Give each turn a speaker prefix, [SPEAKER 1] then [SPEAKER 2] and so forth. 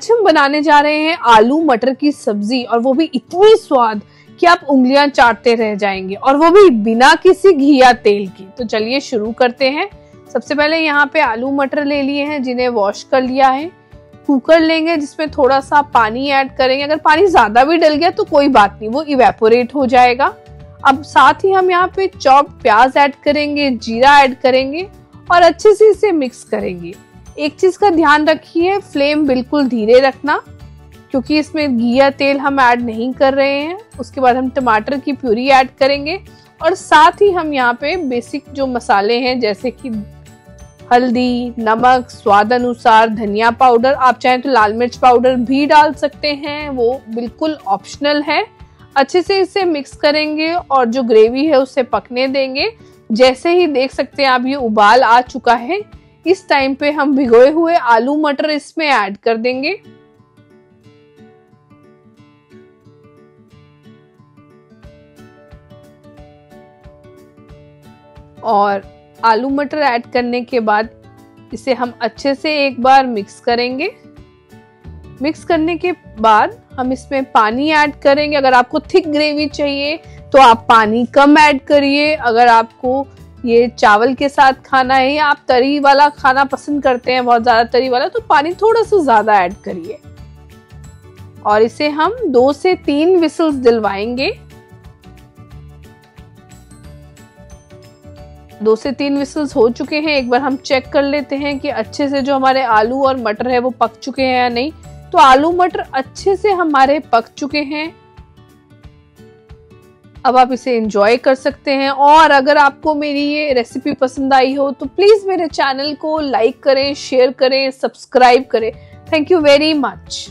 [SPEAKER 1] आज हम बनाने जा रहे हैं आलू मटर की सब्जी और वो भी इतनी स्वाद कि आप उंगलियां चाटते रह जाएंगे और वो भी बिना किसी घी या तेल की तो चलिए शुरू करते हैं सबसे पहले यहाँ पे आलू मटर ले लिए हैं जिन्हें वॉश कर लिया है कुकर लेंगे जिसमें थोड़ा सा पानी ऐड करेंगे अगर पानी ज़्यादा भी डल गया तो कोई बात नहीं वो इवेपोरेट हो जाएगा अब साथ ही हम यहाँ पे चॉप प्याज ऐड करेंगे जीरा ऐड करेंगे और अच्छे से इसे मिक्स करेंगे एक चीज का ध्यान रखिए फ्लेम बिल्कुल धीरे रखना क्योंकि इसमें घी या तेल हम ऐड नहीं कर रहे हैं उसके बाद हम टमाटर की प्यूरी ऐड करेंगे और साथ ही हम यहाँ पे बेसिक जो मसाले हैं जैसे कि हल्दी नमक स्वाद अनुसार धनिया पाउडर आप चाहें तो लाल मिर्च पाउडर भी डाल सकते हैं वो बिल्कुल ऑप्शनल है अच्छे से इसे मिक्स करेंगे और जो ग्रेवी है उसे पकने देंगे जैसे ही देख सकते हैं आप ये उबाल आ चुका है इस टाइम पे हम भिगोए हुए आलू मटर इसमें ऐड कर देंगे और आलू मटर ऐड करने के बाद इसे हम अच्छे से एक बार मिक्स करेंगे मिक्स करने के बाद हम इसमें पानी ऐड करेंगे अगर आपको थिक ग्रेवी चाहिए तो आप पानी कम ऐड करिए अगर आपको ये चावल के साथ खाना है या आप तरी वाला खाना पसंद करते हैं बहुत ज़्यादा तरी वाला तो पानी थोड़ा सा ज़्यादा ऐड करिए और इसे हम दो से तीन विसल्स दिलवाएंगे दो से तीन विसल्स हो चुके हैं एक बार हम चेक कर लेते हैं कि अच्छे से जो हमारे आलू और मटर है वो पक चुके हैं या नहीं तो आलू मटर अच्छे से हमारे पक चुके हैं अब आप इसे इंजॉय कर सकते हैं और अगर आपको मेरी ये रेसिपी पसंद आई हो तो प्लीज़ मेरे चैनल को लाइक करें शेयर करें सब्सक्राइब करें थैंक यू वेरी मच